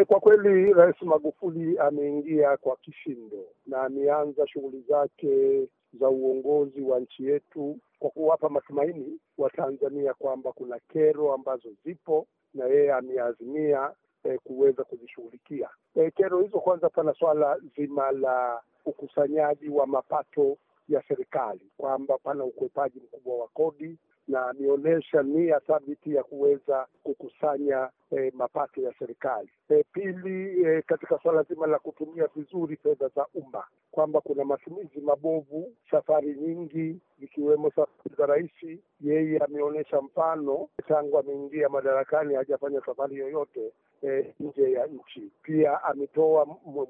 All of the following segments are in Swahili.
E, kwa kweli Rais Magufuli ameingia kwa kishindo na ameanza shughuli zake za uongozi wa nchi yetu kwa kuwapa matumaini Watanzania kwamba kuna kero ambazo zipo na yeye ameazimia e, kuweza kuzishughulikia. E, kero hizo kwanza, pana swala zima la ukusanyaji wa mapato ya serikali, kwamba pana ukwepaji mkubwa wa kodi na ameonyesha nia thabiti ya kuweza kukusanya eh, mapato ya serikali. Eh, pili, eh, katika suala zima la kutumia vizuri fedha za umma, kwamba kuna matumizi mabovu, safari nyingi ikiwemo safari za rais. Yeye ameonyesha mfano tangu ameingia madarakani hajafanya safari yoyote eh, nchi. Pia ametoa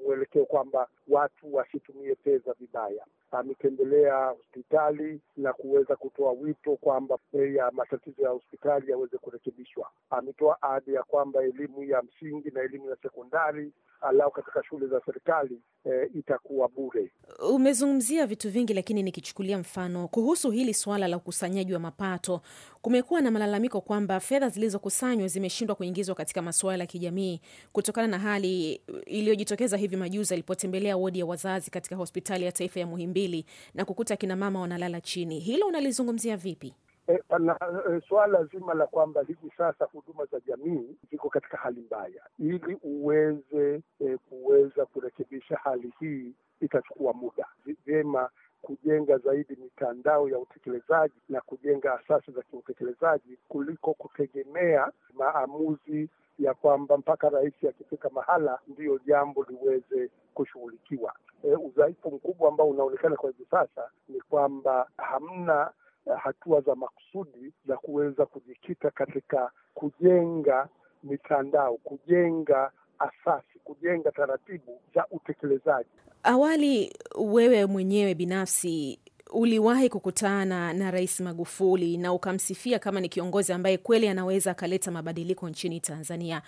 mwelekeo kwamba watu wasitumie pesa vibaya. Ametembelea hospitali na kuweza kutoa wito kwamba ya matatizo ya hospitali yaweze kurekebishwa. Ametoa ahadi ya kwamba elimu ya msingi na elimu ya sekondari alau katika shughuli za serikali e, itakuwa bure. Umezungumzia vitu vingi, lakini nikichukulia mfano kuhusu hili suala la ukusanyaji wa mapato, kumekuwa na malalamiko kwamba fedha zilizokusanywa zimeshindwa kuingizwa katika masuala ya kijamii kutokana na hali iliyojitokeza hivi majuzi alipotembelea wodi ya wazazi katika hospitali ya taifa ya Muhimbili na kukuta kina mama wanalala chini. Hilo unalizungumzia vipi? e, eh, pana e, eh, swala zima la kwamba hivi sasa huduma za jamii ziko katika hali mbaya. Ili uweze e, kuweza kurekebisha hali hii itachukua muda. Vyema kujenga zaidi mitandao ya utekelezaji na kujenga asasi za kiutekelezaji kuliko kutegemea maamuzi ya kwamba mpaka rais akifika mahala ndiyo jambo liweze kushughulikiwa. E, udhaifu mkubwa ambao unaonekana kwa hivi sasa ni kwamba hamna Eh, hatua za makusudi za kuweza kujikita katika kujenga mitandao, kujenga asasi, kujenga taratibu za utekelezaji. Awali wewe mwenyewe binafsi uliwahi kukutana na Rais Magufuli na ukamsifia kama ni kiongozi ambaye kweli anaweza akaleta mabadiliko nchini Tanzania.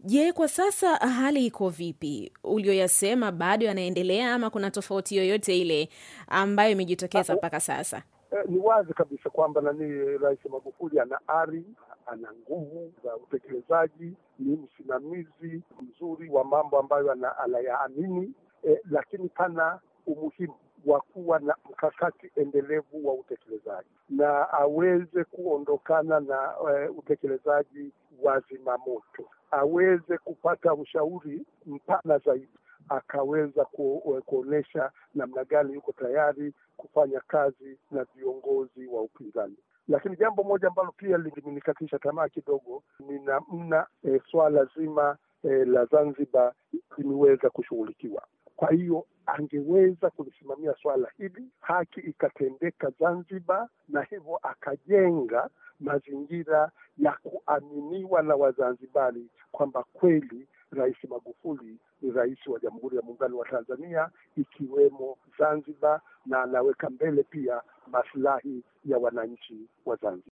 Je, kwa sasa hali iko vipi? Ulioyasema bado yanaendelea ama kuna tofauti yoyote ile ambayo imejitokeza mpaka sasa? Eh, ni wazi kabisa kwamba nani Rais Magufuli ana ari, ana nguvu za utekelezaji, ni msimamizi mzuri wa mambo ambayo anayaamini, eh, lakini pana umuhimu wa kuwa na mkakati endelevu wa utekelezaji na aweze kuondokana na uh, utekelezaji wa zimamoto, aweze kupata ushauri mpana zaidi akaweza kuonyesha namna gani yuko tayari kufanya kazi na viongozi wa upinzani. Lakini jambo moja ambalo pia limenikatisha tamaa kidogo ni namna e, swala zima e, la Zanzibar limeweza kushughulikiwa. Kwa hiyo angeweza kulisimamia swala hili, haki ikatendeka Zanzibar, na hivyo akajenga mazingira ya kuaminiwa na Wazanzibari kwamba kweli Rais Magufuli ni rais wa Jamhuri ya Muungano wa Tanzania, ikiwemo Zanzibar, na anaweka mbele pia maslahi ya wananchi wa Zanzibar.